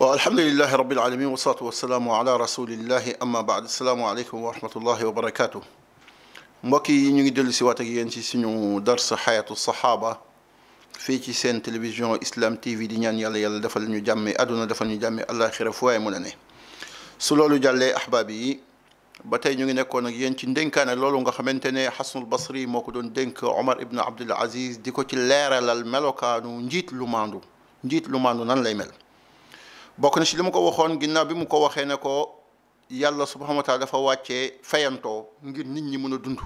والحمد لله رب العالمين والصلاة والسلام على رسول الله أما بعد السلام عليكم ورحمة الله وبركاته مبكي نيغي دل سيواتك ينتي سنو درس حياة الصحابة في تي سين تلفزيون إسلام تي في دينيان يلا يلا دفل نجامي أدونا دفل نجامي الله خير فواي مولاني سلولو جالي أحبابي ba tey نكون ngi nekkoon ak yéen ci ndénkaane loolu nga xamante ne عمر ابن عبد العزيز ديكو تلير للملوكا نجيت لماندو نجيت لماندو نان ci leeralal melokaanu njiit lu bokk na si li mu ko waxoon ginnaaw bi mu ko waxee ne ko yàlla subhanahu wa taala dafa wàccee fayantoo ngir nit ñi mën a dund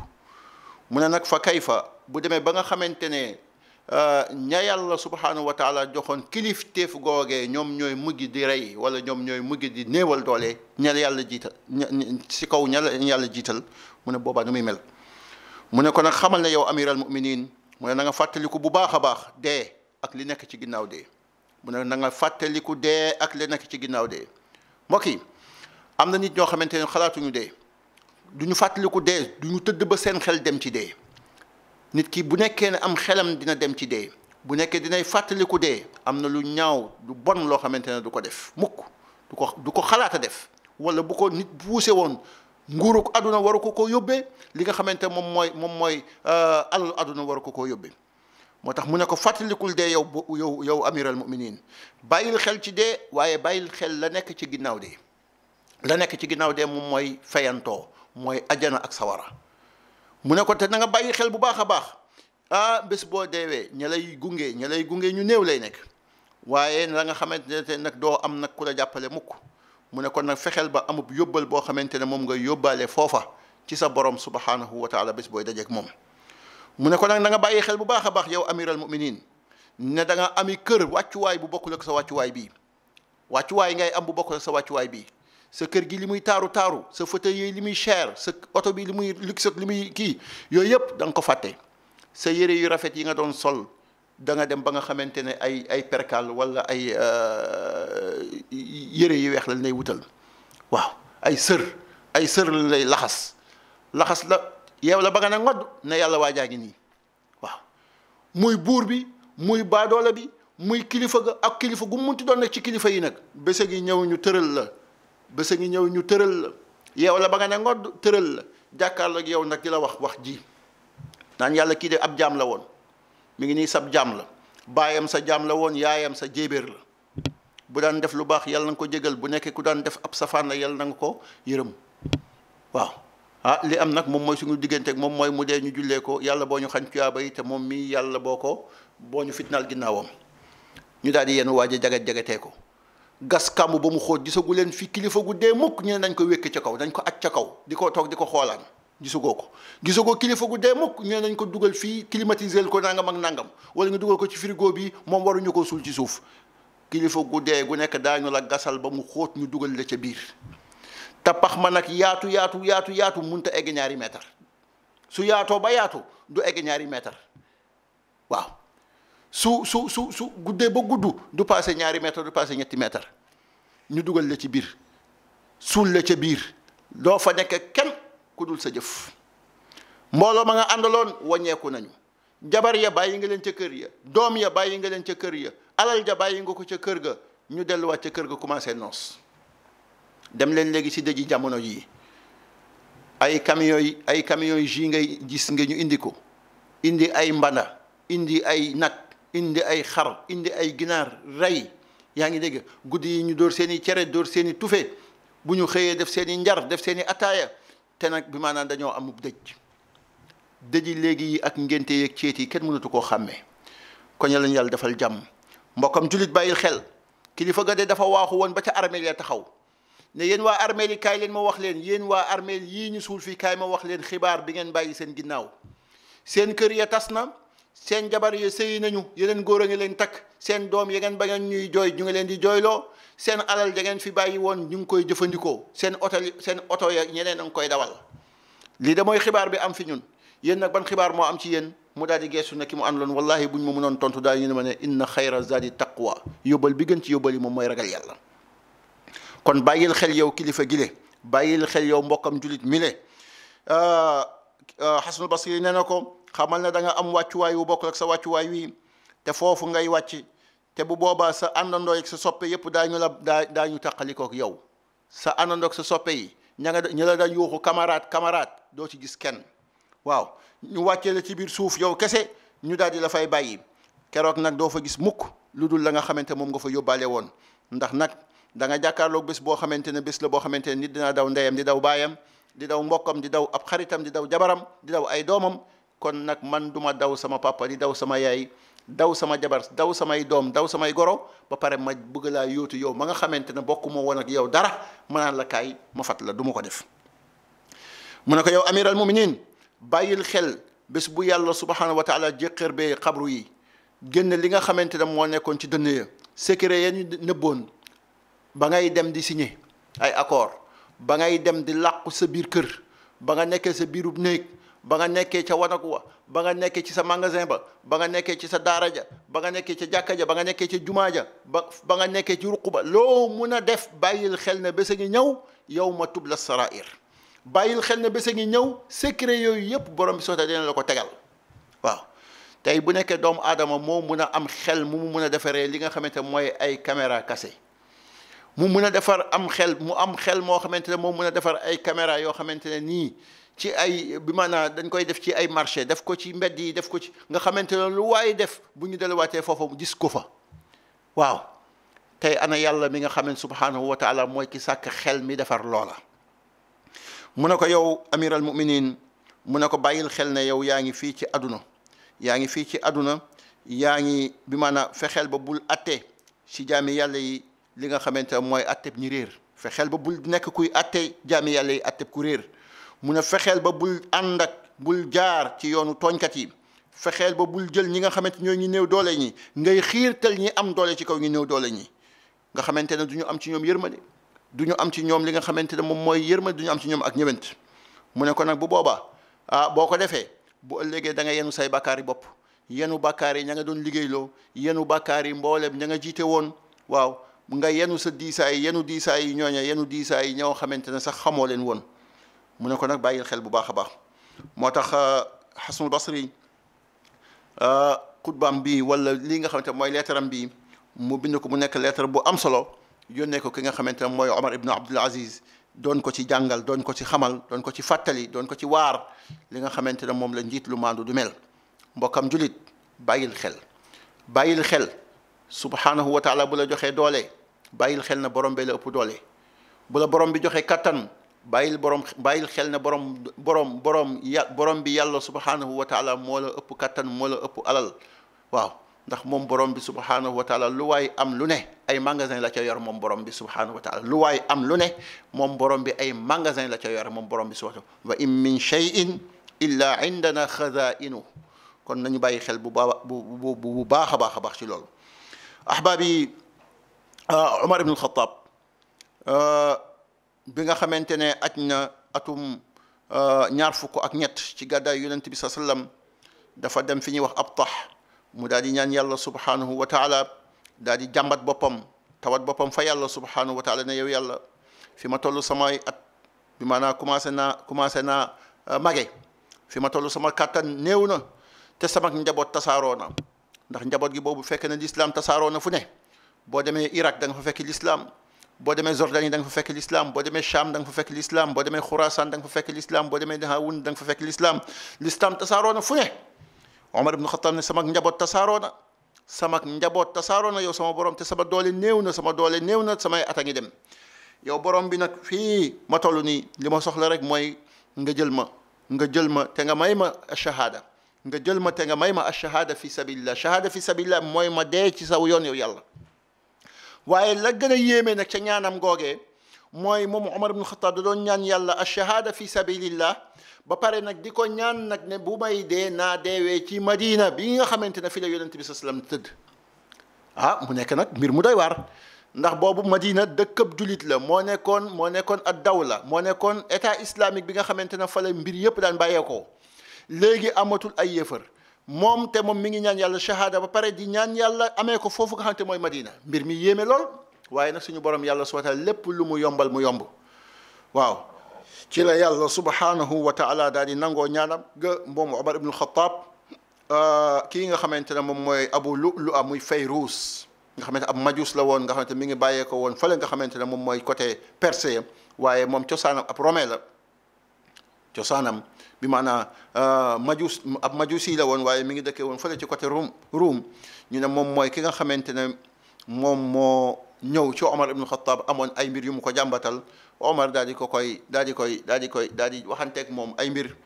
mu ne nag fa kayfa bu demee ba nga xamante ne euh, ña yàlla subhanahu wa taala joxoon kilifteef googee ñoom ñooy mujj di rey wala ñoom ñooy mujj di néewal doole ña yàlla jiital si kaw ña yàlla jiital mu ne boobaa nu muy mel mu ne ko nag xamal ne yow amiral muminin mu ne na nga fàttaliku bu baax a baax dee ak li nekk ci ginnaaw dee mu ne na nga fàttaliku dee ak li nekk ci ginnaaw dee mbokk yi am na nit ñoo xamante ne xalaatuñu dee du ñu fàttaliku dee du ñu tëdd ba seen xel dem ci dee nit ki bu nekkee ne am xelam dina dem ci dee bu nekkee dinay fàttaliku dee am na lu ñaaw lu bon loo xamante ne du ko def mukk du ko du ko xalaat a def wala bu ko nit buuse woon nguuru aduna waru ko koo yóbbee li nga xamante moom mooy moom mooy alalu aduna waru ko koo yóbbee motax tax mu ne ko fàttalikul dee yow yow yow amiral muminin bayil xel ci de waye bayil xel la nek ci ginaaw de la nek ci ginaaw de mom moy fayanto moy ajana ak sawara mu ne ko te nga bayil xel bu baakha a baax ah bés bo deewee ña lay gunge ñalay gunge ñu néew lay nek waye la nga xamantene nak do am nak kula jàppale mukk mu ne ko nag fexeel ba amub yóbbal bo xamantene mom nga yobale fofa ci sa borom subhanahu wa taala bés booy dajek mom mu ne ko nak na nga baye xel bu baakha bax yow amiral muminin ne da nga ami keur waccu way bu bokul ak sa waccu way bi waccu way ngay am bu bokul ak sa waccu way bi sa keur gi limuy taru taru sa fauteuil yi limuy cher sa auto bi limuy luxe limuy ki yoy yep yëpp da nga ko fàtte sa yére yu rafet yi nga don sol da nga dem ba nga xamantene ay ay percal wala ay yére yi wex la lay wutal waaw ay seur ay seur la lay laxas laxas la. yeew la ba nga ne ngodd ne yàlla waa ngi nii waaw muy buur bi muy baadoole bi muy kilifa ga ak kilifa gu munti doon nag ci kilifa yi nag bésa gi ñëw ñu tëral la bésa gi ñëw ñu tëral la yeew la ba nga ne ngodd tëral la jàkkaarloo ak yow nag di la wax wax ji naan yàlla kii de ab jaam la woon mi ngi nii sab jàmm la baayam sa jaam la woon yaayam sa jéebéer la bu daan def lu baax yàlla na nga ko jégal bu nekkee ku daan def ab safaan la yàlla ko yërëm ah li am nag moom mooy suñu diggante ak moom mooy mu dee ñu jullee ko yàlla boo ñu xañ tuyaaba yi te moom mii yàlla boo ko boo ñu fitnaal ginnaawam ñu daal di yenn waaj a jagat jagatee ko gas kàmb ba mu xóot gisagu leen fi kilifa gu dee mukk ñu ne nañ ko wékki ca kaw dañ ko aj ca kaw di ko toog di ko xoolaan gisagoo ko gisagoo kilifa gu dee mukk ñu nañ ko dugal fii climatiser ko nangam ak nangam wala nga dugal ko ci frigo bi moom waruñu ko suul ci suuf kilifa gu dee gu nekk daañu la gasal ba mu xóot ñu dugal la ca biir te pax ma nag yaatu yaatu yaatu yaatu munta egg ñaari mètre su yaatoo ba yaatu du egg ñaari mètre waaw su su su su guddee ba gudd du passé ñaari mètre du passé ñetti mètre ñu dugal la ci biir suul la ca biir doo fa nekk kenn ku dul sa jëf mbooloo ma nga àndaloon wàññeeku nañu jabar ya bàyyi nga leen ca kër ya doom ya bàyyi nga leen ca kër ya alal ja bàyyi nga ko ca kër ga ñu delluwaat ca kër ga commencé noos dem len legi ci deji jamono yi ay camion ay camion ji ngay gis nga ñu indi ko indi ay mbana indi ay nag indi ay xar indi ay ginar ray yaa ngi dégg guddi ñu dor seeni ciere dor seeni seen i tufe bu ñu xëyee def seeni ndjar def seeni ataya te nak bi maanaam dañoo amub dejj dëji léegi yi ak ngénte yeeg ceet yi mënatu koo xàmmee kon yàlla ñu yàlla defal jam mbokam julit bayil xel kilifa gade dafa waxu won ba ca armeel ya taxaw ne yéen waa armeel yi kaay leen mo wax leen yéen wa armeel yi ñu sul fi kay mo wax leen xibaar bi ngeen bàyyi seen ginnaw seen kër ya tasna seen jabar ya sey nañu yeneen góor nga leen tak seen doom ya ngeen ba ngeen ñuy joy ñu ngi leen di jooyloo seen alal ja ngeen fi bàyyi won ñu ngi koy jëfëndiko seen oto seen auto ya ñeneen ngi koy dawal li da moy xibaar bi am fi ñun yéen nak ban xibaar mo am ci yéen mu daldi gesu nak mu àndaloon wallahi buñ ma mënon tontu da ñu ne inna khayra zadi taqwa yobal bi gën ci yobali mom moy ragal yàlla kon bàyyil xel yow kilifa gile bàyyil xel yow mbokkam julit mi le xasanul basri nee na ko xamal ne da nga am wàccuwaay wu bokk ak sa wàccuwaay wi te foofu ngay wàcc te bu boobaa sa àndandoo ak sa soppe yëpp daañu la daa daañu tàqalikook yow sa àndandoo ak sa soppe yi ña nga ña la daan yuuxu camarade camarade doo ci gis kenn waaw ñu wàccee la ci biir suuf yow kese ñu daal di la fay bàyyi keroog nag doo fa gis mukk lu dul la nga xamante moom nga fa yóbbaale woon ndax nag da nga jakarlo bés bo xamantene bés la bo xamantene nit dina daw ndeyam di daw bayam di daw mbokam di daw ab xaritam di daw jabaram di daw ay domam kon nak man duma daw sama papa di daw sama yayi daw sama jabar daw ay dom daw ay goro ba pare ma bëgg la yóotu yow ma nga xamantene bokku mo won ak yow dara ma la kay ma fat la duma ko def mu ko yow amiral muminin bayil xel bés bu yàlla subhanahu wa taala jeqir be qabru yi génn li nga xamantene mo nekkon ci dënn ya secret ya ñu nëbboon ba ngay dem di signer ay accord ba ngay dem di làqu sa biir kër ba nga nekkee sa biirub néeg ba nga nekkee ca wanag ba nga nekkee ci sa magasin ba ba nga nekkee ci sa daara ja ba nga nekkee ca jàkka ja ba nga nekkee ca jumaa ja ba ba nga nekkee ci ruq ba loo mun a def bàyyil xel ne bés a ngi ñëw yow ma tub la sarair bàyyil xel ne bés a ngi ñëw secret yooyu yëpp borom bi soota dina la ko tegal waaw tey bu nekkee doomu aadama moo mun a am xel mu mu mun a defaree li nga xamante mooy ay caméra cassé mu mën a defar am xel mu am xel moo xamante ne moo mën a defar ay caméra yoo xamante ne nii ci ay bi maanaam dañ koy def ci ay marché def ko ci mbedd yi def ko ci nga xamante ne lu waaye def bu ñu delluwaatee foofa gis ko fa waaw tey ana yàlla mi nga xam subhanahu wa taala mooy ki sàkk xel mi defar loola mu ne ko yow amir al muminin mu ne ko bàyyil xel ne yow yaa ngi fii ci aduna yaa ngi fii ci aduna yaa ngi bi maanaam fexeel ba bul attee si jaami yàlla yi li nga xamante mooy atteb ñi réer fexeel ba bul nekk kuy atte jaami yàlla yi atteb ku réer mu ne fexeel ba bul ànd ak bul jaar ci yoonu tooñkat yi fexeel ba bul jël ñi nga xamante ñooy ñi néew doole ñi ngay xiirtal ñi am doole ci kaw ñi néew doole ñi nga xamante ne du ñu am ci ñoom yërmande du am ci ñoom li nga xamante ne moom mooy yërmande am ci ñoom ak ñëwent mu ne ko nag bu boobaa ah boo ko bu ëllëgee da nga yenu say bakkaar yi yenu bakkaar ña nga doon liggéeyloo yenu bakkaar yi ña nga jiite woon waaw nga yenu sa diisaay yenu diisaay ñoña yenu diisaay ñoo xamantene sax xamoo leen woon mu ne ko nag bàyyil xel bu baax a baax moo tax xasanul basri xutbaam bi wala li nga xamante mooy leetaram bi mu bind ko mu nekk lettre bu am solo yónnee ko ki nga xamante mooy Omar ibn Abdul Aziz doon ko ci jàngal doon ko ci xamal doon ko ci fàttali doon ko ci waar li nga xamante ne moom la njiit lu mandu du mel mbokam julit bàyyil xel bàyyil xel subhanahu wa taala bu la joxee doole bayil xel na borom be la ëpp doole bu la borom bi joxe kattan bayil borom bayil xel na borom borom borom ya borom bi yàlla subhanahu wa taala mo la ëpp kattan mo la ëpp alal waaw ndax moom borom bi subhanahu wa taala lu way am lu ne ay magasin la ca yor moom borom bi subhanahu wa taala lu way am lu ne moom borom bi ay magasin la ca yor moom borom bi subhanahu wa in min shay'in illa indana khaza'inu kon nañu bàyyi xel bu bu bu baax baax ci loolu ahbabi آه عمر بن الخطاب آه بيغا خامتيني اتنا اتوم نيار فوك اك نيت سي غدا يونت بي صلى الله عليه وسلم دا دم فيني واخ ابطح مودادي نيان يالله سبحانه وتعالى دادي جامبات بوبام تاوات بوبام فا يالله سبحانه وتعالى نيو يو يالله فيما تولو سماي ات بمانا كوماسنا كوماسنا آه ماغي فيما تولو سماي كاتان نيونا تي سماك نجابوت تسارونا ndax njabot gi bobu fekk na l'islam tasarona fu ne bo demé Irak da nga fa fekk l'islam bo demé Jordanie da nga fa fekk l'islam bo demé sham da nga fa fekk l'islam bo demé Khurasan da nga fa fekk l'islam bo demé Dahawun da nga fa fekk l'islam l'islam tasaaroo na Omar ibn Khattab ne samak njabot tasaaroo na sama njaboot tasaaroo na yow sama borom te sama doole néew na sama doole néew na samay at ngi dem yow borom bi nak fi ma toll ni lima soxla rek moy nga jël ma nga jël ma te nga may ma shahada nga jël ma te nga may ma shahada fi sabilillah shahada fi sabilillah moy ma de ci saw yon yow yàlla waye la gëna yéme nak ci ñaanam goge moy mom umar ibn Khattab da doon ñaan yàlla ash-shahada fi sabilillah ba pare nak diko ñaan nak ne bu may dé na déwé ci Madina bi nga xamante ne fi la yonent bi sa salaam tëdd ah mu nekk nak mbir mu doy war ndax bobu Madina dekk ab julit la mo nekkon mo nekkon ad dawla mo nekkon état islamique bi nga xamantene fa la mbir yëpp daan ko léegi amatul ay yëfër mom te mom mi ngi ñaan yàlla shahada ba pare di ñaan yàlla amé ko fofu nga xanté moy Madina mbir mi yéme lool waye nak suñu borom yàlla subhanahu wa taala lépp lu mu yombal mu yomb waaw ci la yàlla subhanahu wa taala daal nango ñaanam ge mom umar ibn Khattab euh ki nga xamante ne moom mooy Abu Lu'lu'a muy Fayruus nga xamante ab majus la won nga xamante mi ngi bayé ko won fële nga xamante ne moom mooy côté Perse waye mom ciosanam ab Rome la ciosanam بمعنى آه، مجوس مجوسي لا وان واي ميغي دكي وان كوتي روم روم ني نم موم مو نيو تي ابن الخطاب امون اي مير يوم كو جامباتال عمر دادي كو كوي دادي كوي دادي كوي دادي وخانتيك موم اي مير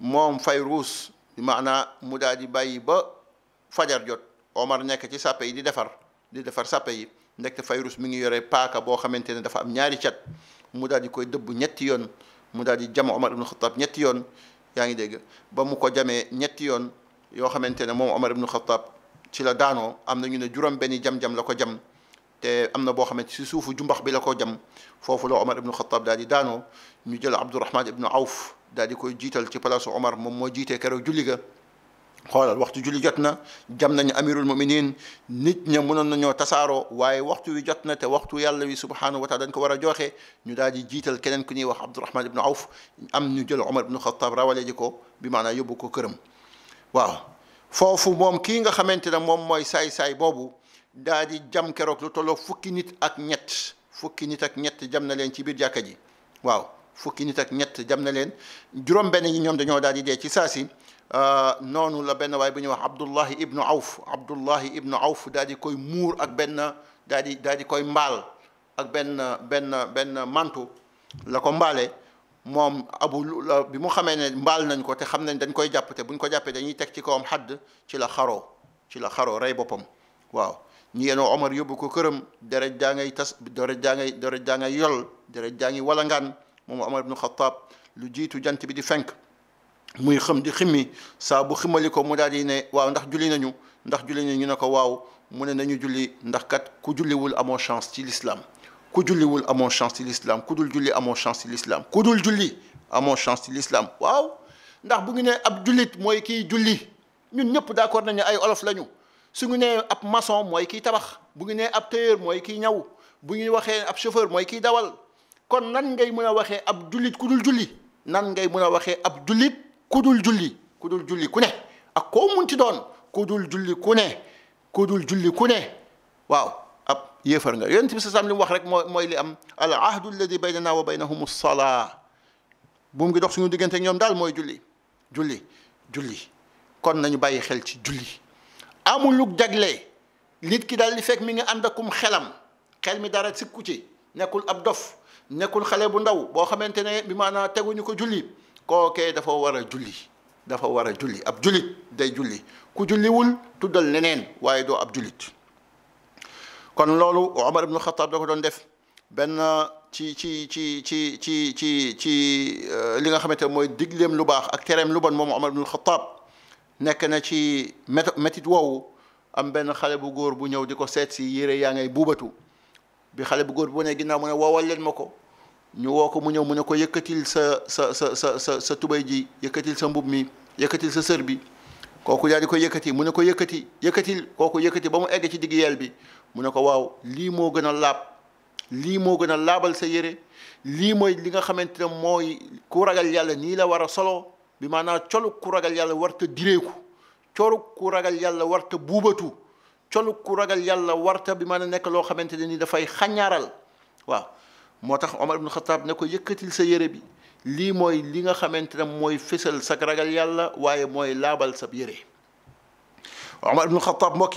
موم فاي روس بمعنى مو دادي باي با فجر جوت عمر نيك تي سابي دي دفر دي دفر سابي نيك فاي روس ميغي يوري yaa ngi dégg ba mu ko jamee ñetti yoon yoo xamante ne moom Omar ibnu Xattaab ci la daanoo am na ñu ne juróom benni jam-jam la ko jam te am na boo xamante si suufu jumbax bi la ko jam foofu la Omar ibnu Xattaab daal di daanoo ñu jël Abdourahman ibnu Awf daal di koy jiital ci palaasu Omar moom moo jiitee keroog julli ga xoolal waxtu julli jot na jam nañu amirul muminin nit ña mënoon nañoo tasaaroo waaye waxtu wi jot na te waxtu yàlla wi subhanahu wa taala dañ ko war a jooxee ñu daal di jiital keneen ku ñuy wax abdurahman ibnu awf am ñu jël omar ibnu xataab rawale ji ko bi maanaam yóbbu ko këram waaw foofu moom kii nga xamante ne moom mooy saay-saay boobu daal di jam keroog lu tolloo fukki nit ak ñett fukki nit ak ñett jam na leen ci biir jàkka ji waaw fukki nit ak ñett jam na leen juróom benn ñi ñoom dañoo daal di dee ci saa si noonu la benn waay bu ñuy wax Abdullahi ibnu Awf Abdullahi ibnu Awf daal di koy muur ak benn daal di koy mbaal ak benn benn benn mantu la ko mbaale moom abu bi mu xamee ne mbaal nañ ko te xam nañ dañ koy jàpp te buñ ko jàppee dañuy teg ci kawam xadd ci la xaroo ci la xaroo rey boppam waaw ñu yenoo Omar yóbbu ko këram deret jaa ngay tas deret jaa ngay deret yol deret jaa ngi walangaan moom Omar ibn khattab lu jiitu jant bi di fenk muy xam di ximmi sa bu ximaliko ko mu daal di ne waaw ndax julli nañu ndax julli nañu ñu ne ko waaw mu ne nañu julli ndax kat ku julliwul amoo chance ci l'islam ku julliwul amoo chance ci l'islam ku dul julli amoo chance ci l'islam ku dul julli amoo chance ci l'islam waaw ndax bu ngi ne ab jullit mooy kiy julli ñun ñëpp d'accord nañu ay olof lañu su ngi ne ab maçon mooy kiy tabax bu ngi ne ab tailleur mooy kiy ñaw bu ñu waxee ab chauffeur mooy kiy dawal kon nan ngay mën a waxee ab jullit ku dul julli nan ngay mën a ab jullit كودول جولي كودول جولي كونه اكو مونتي دون كودول جولي كونه كودول جولي كونه واو اب يفر نغا يونتي بيس سام لي واخ رك موي ام العهد الذي بيننا وبينهم الصلاه بوم كي دوخ سونو ديغنت نيوم دال موي جولي جولي جولي كون نانيو باي خيل سي جولي امو لوك داغلي نيت كي دال لي فيك ميغي اندكم خلام خيل دارا سيكوتي نيكول اب دوف نيكول خالي بو ندو بو خامتيني kookee dafa war a julli dafa war a julli ab jullit day julli ku julliwul tuddal leneen waaye doo ab jullit kon loolu Omar ibnu Xataab da ko doon def benn ci ci ci ci ci ci ci li nga xamante mooy digleem lu baax ak tereem lu bon moom Omar ibnu Xataab nekk na ci métit woowu am benn xale bu góor bu ñëw di ko seet si yére yaa ngay buubatu bi xale bu góor bu ne ginnaaw mu ne woowal leen ma ko ñu woo ko mu ñëw mu ne ko yëkkatil sa sa sa sa sa sa tubay ji yëkkatil sa mbub mi yëkkatil sa sër bi kooku daal di ko yëkkati mu ne ko yëkkati yëkkatil kooku yëkkati ba mu egg ci digg yeel bi mu ne ko waaw lii moo gën a laab lii moo gën a laabal sa yére lii mooy li nga xamante ne mooy ku ragal yàlla nii la war a solo bi maanaam colug ku ragal yàlla warta direeku cooru ku ragal yàlla warta buubatu colu ku ragal yàlla warta bi maanaam nekk loo xamante ne ni dafay xañaaral waaw motax Omar ibn Khattab ne ko yëkkatil sa yére bi li moy li nga xamantene moy fessel sa ragal yàlla waye moy laabal sa yére Omar ibn Khattab mbokk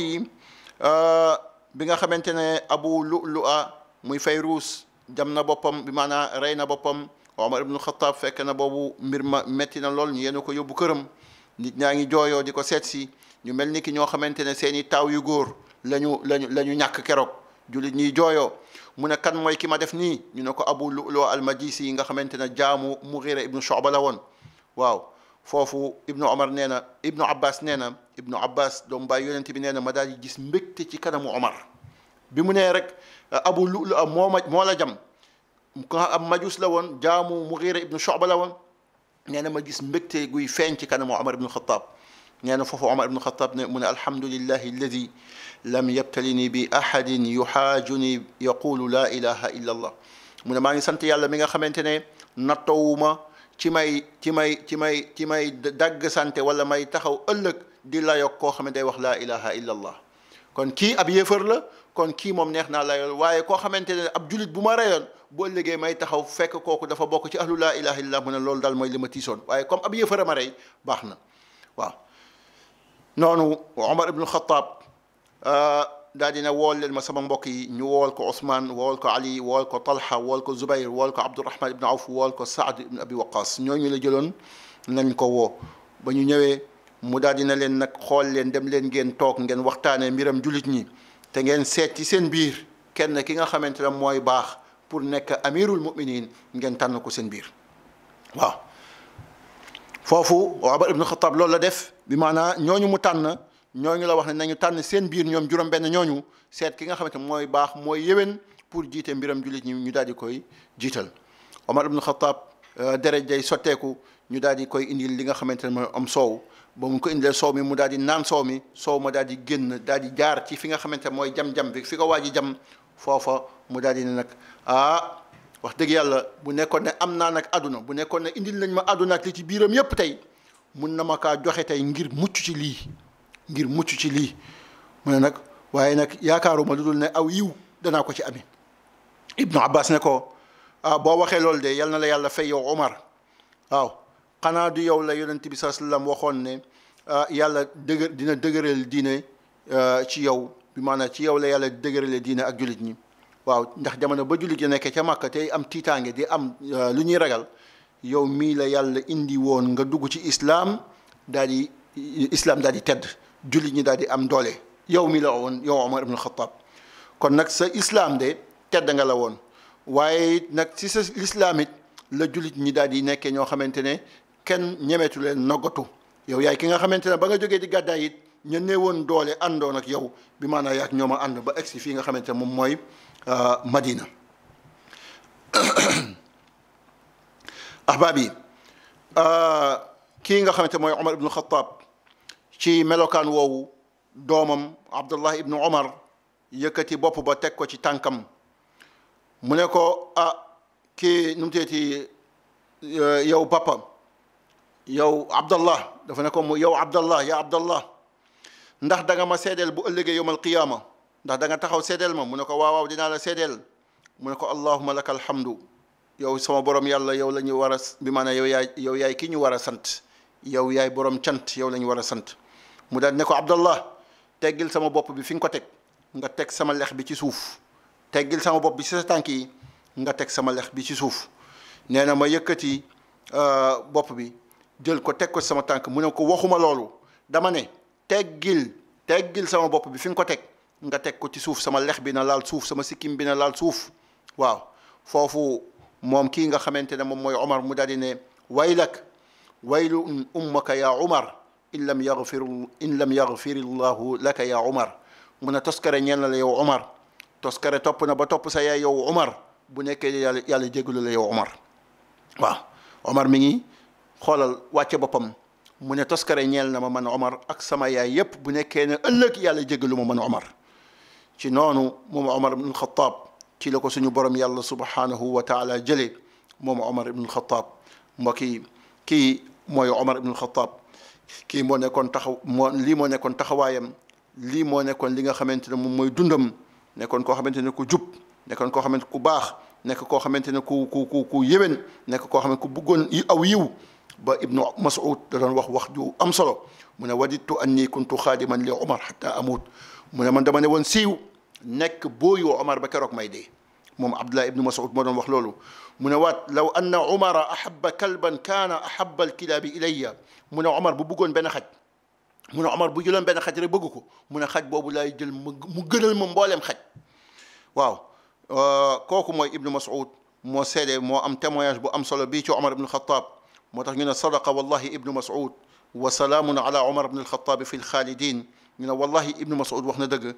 euh bi nga xamantene Abu Lu'lu'a muy Fayruus jamna bopam bi mana reyna bopam Omar ibn Khattab fekk na bobu mbir ma métti na lol ñu yéen ko yóbbu kërëm nit ñaangi joyo diko setsi ñu melni ki ño xamantene seeni taw yu góor lañu lañu la ñu ñàkk keroog jullit mu ne kan mooy ki ma def nii ñu ne ko abu lu'lu almajisi yi nga xamante ne jaamu mughira ibnu shu'ba la woon waaw foofu ibnu omar nee na ibnu abbas nee na ibnu abbas doom baay yonent bi nee na ma daal di gis mbégte ci kanamu omar bi mu nee rek abu lu'lu a moo ma moo la jam ko am majus la woon jaamu mughira ibnu shu'ba la woon nee na ma gis mbégte guy feeñ ci kanamu omar ibnu xataab nee na foofu omar ibnu xataab ne mu ne alhamdulillahi alladi لم yabtalini bi ahadin yuhaajuni yaqulu laa ilaha illa allah mu ne maa ngi sant yàlla mi nga xamante ne nattowuma ci may ci may ci may ci may dagg sante wala may taxaw ëllëg di layoog koo xam ne day wax laa ilaha illa allah kon kii ab yéefar la kon kii moom neex naa layool waaye koo xamante ne ab julit bu ma reyoon boo liggéey may taxaw fekk kooku dafa bokk ci ahlu laa ilaha illallah mu ne loolu daal mooy li ma tiisoon waaye comme ab yéefar a ma rey baax na waaw noonu Omar ibn Khattab آه، دادينا وول للمسام بوكي نيو وول كو عثمان وول كو علي وول كو طلحه وول كو زبير وول كو عبد الرحمن بن عوف وول كو سعد بن ابي وقاص نيو ني لا جيلون نان كو وو با ني نيوي مو دادينا لين نك خول لين دم لين ген توك ген وقتانه ميرم جوليت ني تا ген سيت سي سين بير كين كيغا خامنتي موي باخ بور نك امير المؤمنين ген تان كو سين بير واو فوفو عمر بن الخطاب لولا ديف بمعنى نيو ني مو ñoo ñooñu la wax ne nañu tànn seen biir ñoom juróom-benn ñooñu seet ki nga xamante mooy baax mooy yéwén pour jiite mbiram jullit ñi ñu daal koy jiital Omar ibn Khattab euh, deret jay sotteeku ñu daal di koy indil li nga xamante ne mooy am soow ba mu ko indilee soow mi mu daal di naan soow mi soow ma daal di génn daal di jaar ci fi nga xamante mooy jam-jam bi fi ko waa ji jam foofa mu daal di ne nag ah wax dëgg yàlla bu nekkoon ne am naa nag àdduna bu nekkoon ne indil nañ ma àdduna ak ci biiram yépp tey mun na ma kaa joxe tey ngir mucc ci lii ngir muccu ci li mu ne nag waaye nag yaakaaruma lu dul ne aw yiw danaa ko ci amee ibnu abbas ne ko ah boo waxee loolu de yal na la yàlla fay yow omar waaw xanaa du yow la yonent bi saa sallam waxoon ne yàlla dëgër dina dëgëral diine ci yow bi maanaam ci yow la yàlla dëgërale diine ak julit ñi waaw ndax jamono ba julit yi nekkee ca màkk tey am tiitaange di am lu ñuy ragal yow mii la yàlla indi woon nga dugg ci islaam daal di islaam daal di tedd jullit ñi daal di am doole yow mi la woon yow Omar ibn Khattab kon nag sa islam de tedd nga la woon waaye nag si sa islam it la jullit ñi daal di nekkee ñoo xamante ne kenn ñemetu leen noggatu yow yaay ki nga xamante ne ba nga jógee di gàddaay it ñu ne woon doole àndoon ak yow bi maanaam yaak ñoom a ànd ba egsi fii nga xamante ne moom mooy Madina ahbaab yi kii nga xamante mooy Omar ibn Khattab ci melokan wowu domam abdullah ibn umar yekati bop ba tek ko ci tànkam muné ko a kii nu mu yow papa yow abdullah dafa ne ko mu yow abdullah ya abdullah ndax da nga ma sédel bu ëllëgee yowmal qiyamah ndax da nga taxaw sédel ma muné ko ko waawaaw dina la sédel muné ko allahumma lakal hamdu yow sama borom yàlla yow lañu wara bi maanaam yow yaay yow yaay ki ñu wara a sant yow yaay borom cant yow lañu wara war sant mu daal ne ko abdallah teggil sama bopp bi fi nga ko teg nga teg sama lekh bi ci suuf teggil sama bop bi ci sa tanki nga tek sama lekh bi ci suuf neena ma ma euh bop bi jël ko tek ko sama tànk mu ne ko waxuma loolu dama ne teggil teggil sama bop bi fi ko tek nga tek ko ci suuf sama lekh bi na lal suuf sama sikim bi na lal suuf waaw fofu mom ki nga xamantene mom moy Omar mu daal ne waylak waylu ummaka ya Omar إن لم يغفر إن لم يغفر الله لك يا عمر من تذكر ñen la yow Omar toskare top na ba top sa yaay yow Omar bu nekkee yàlla yàlla jégalu la yow Omar waaw Omar mi ngi xoolal wàcce boppam mu ne toskare ñeel na ma man Omar ak sama yaay yépp bu nekkee ne ëllëg yàlla jégalu ma man Omar ci noonu moom Omar ibn Khattab ci la ko suñu borom yàlla subhanahu wa taala jëlee moom Omar ibn Khattab mbokk yi kii mooy Omar ibn Khattab ki mo nekkoon taxaw mo li mo nekkoon taxawaayam lii moo nekkoon li nga xamante ne moom mooy dundam nekkoon koo xamante ne ku jub nekkoon koo xamante ku baax nekk koo xamante ne ku ku ku ku yéwén nekk koo xamante ku yi aw yiw ba ibnu mas'ud da doon wax wax ju am solo mu ne wadittu anni kuntu xaadiman li omar xata amut mu ne man dama ne woon siiw nekk booyu omar ba keroog may dee مم عبد الله ابن مسعود مدن وخلوله وات لو أن عمر أحب كلبا كان أحب الكلاب إلي من عمر بو ببقون بن خد من عمر بو بن بين خد ربقوكو من خد بابو مو يجل مقل المنبالم خد واو آه، كوكو مو ابن مسعود مو سيدة مو أم تموياش بو أم بيتو عمر بن الخطاب متخنين صدقه والله ابن مسعود وسلام على عمر بن الخطاب في الخالدين من والله ابن مسعود وخندق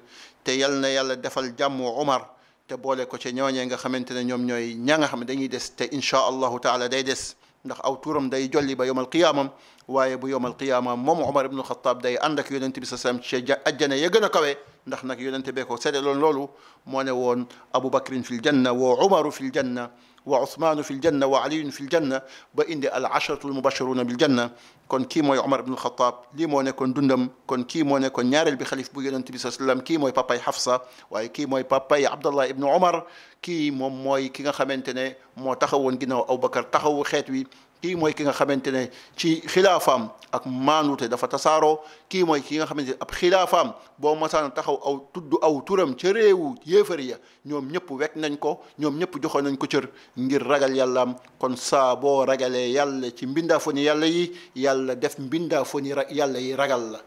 يالنا يالا دفل جم عمر te boole ko ci ñooñee nga xamante ne ñoom ñooy ña nga xam ne dañuy des te incha allahu taala day des ndax aw turam day jolli ba yowmal qiyaamam waaye bu yowmal qiyaamam moom Omar ibnul Xataab day ànd ak yonente bi sa sam ci ajjana ya gën a kawe ndax nag yonente bee ko seede loon loolu moo ne woon Abu Bakrin fil janna wa Umaru fil janna وعثمان في الجنة وعلي في الجنة بإن العشرة المبشرون بالجنة كون كيمو يا عمر بن الخطاب لي مو نكون دندم كون كيمو نكون نيارل بخليف بو يونس النبي صلى الله عليه وسلم كيمو حفصة واي كيمو بابا عبد الله ابن عمر كيمو موي كيغا خامتني مو تخون جنو أبو بكر تخو خيتوي ki moy ki nga xamantene ci khilafam ak manouté dafa tasaro ki moy ki nga xamantene ab khilafam bo ma sa taxaw aw tuddu aw turam ci réewu yéefar ya ñom ñëpp wek nañ ko ñom ñëpp joxon nañ ko cër ngir ragal yalla kon sa bo ragalé yàlla ci mbindaafo ni yàlla yi yàlla def mbinda mbindaafo ni yàlla yi ragal la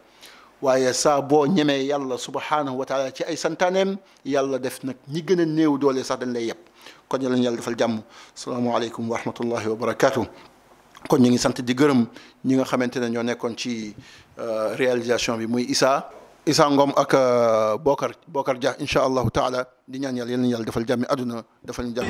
waye sa bo ñemé yàlla subhanahu wa taala ci ay santanem yàlla def nak ñi gëna néew doole sax dañ lay yeb kon yàlla ñu yàlla defal jàmm salaamaaleykum wa rahmatullahi wa barakaatu kon ñu ngi sant di gërëm ñi nga xamante ne ñoo nekkoon ci euh, réalisation bi muy Issa Issa Ngom ak euh, Bokar Bokar Dia incha allahu taala di ñaan yàlla yal na yàlla defal jàmmi àdduna defal ñu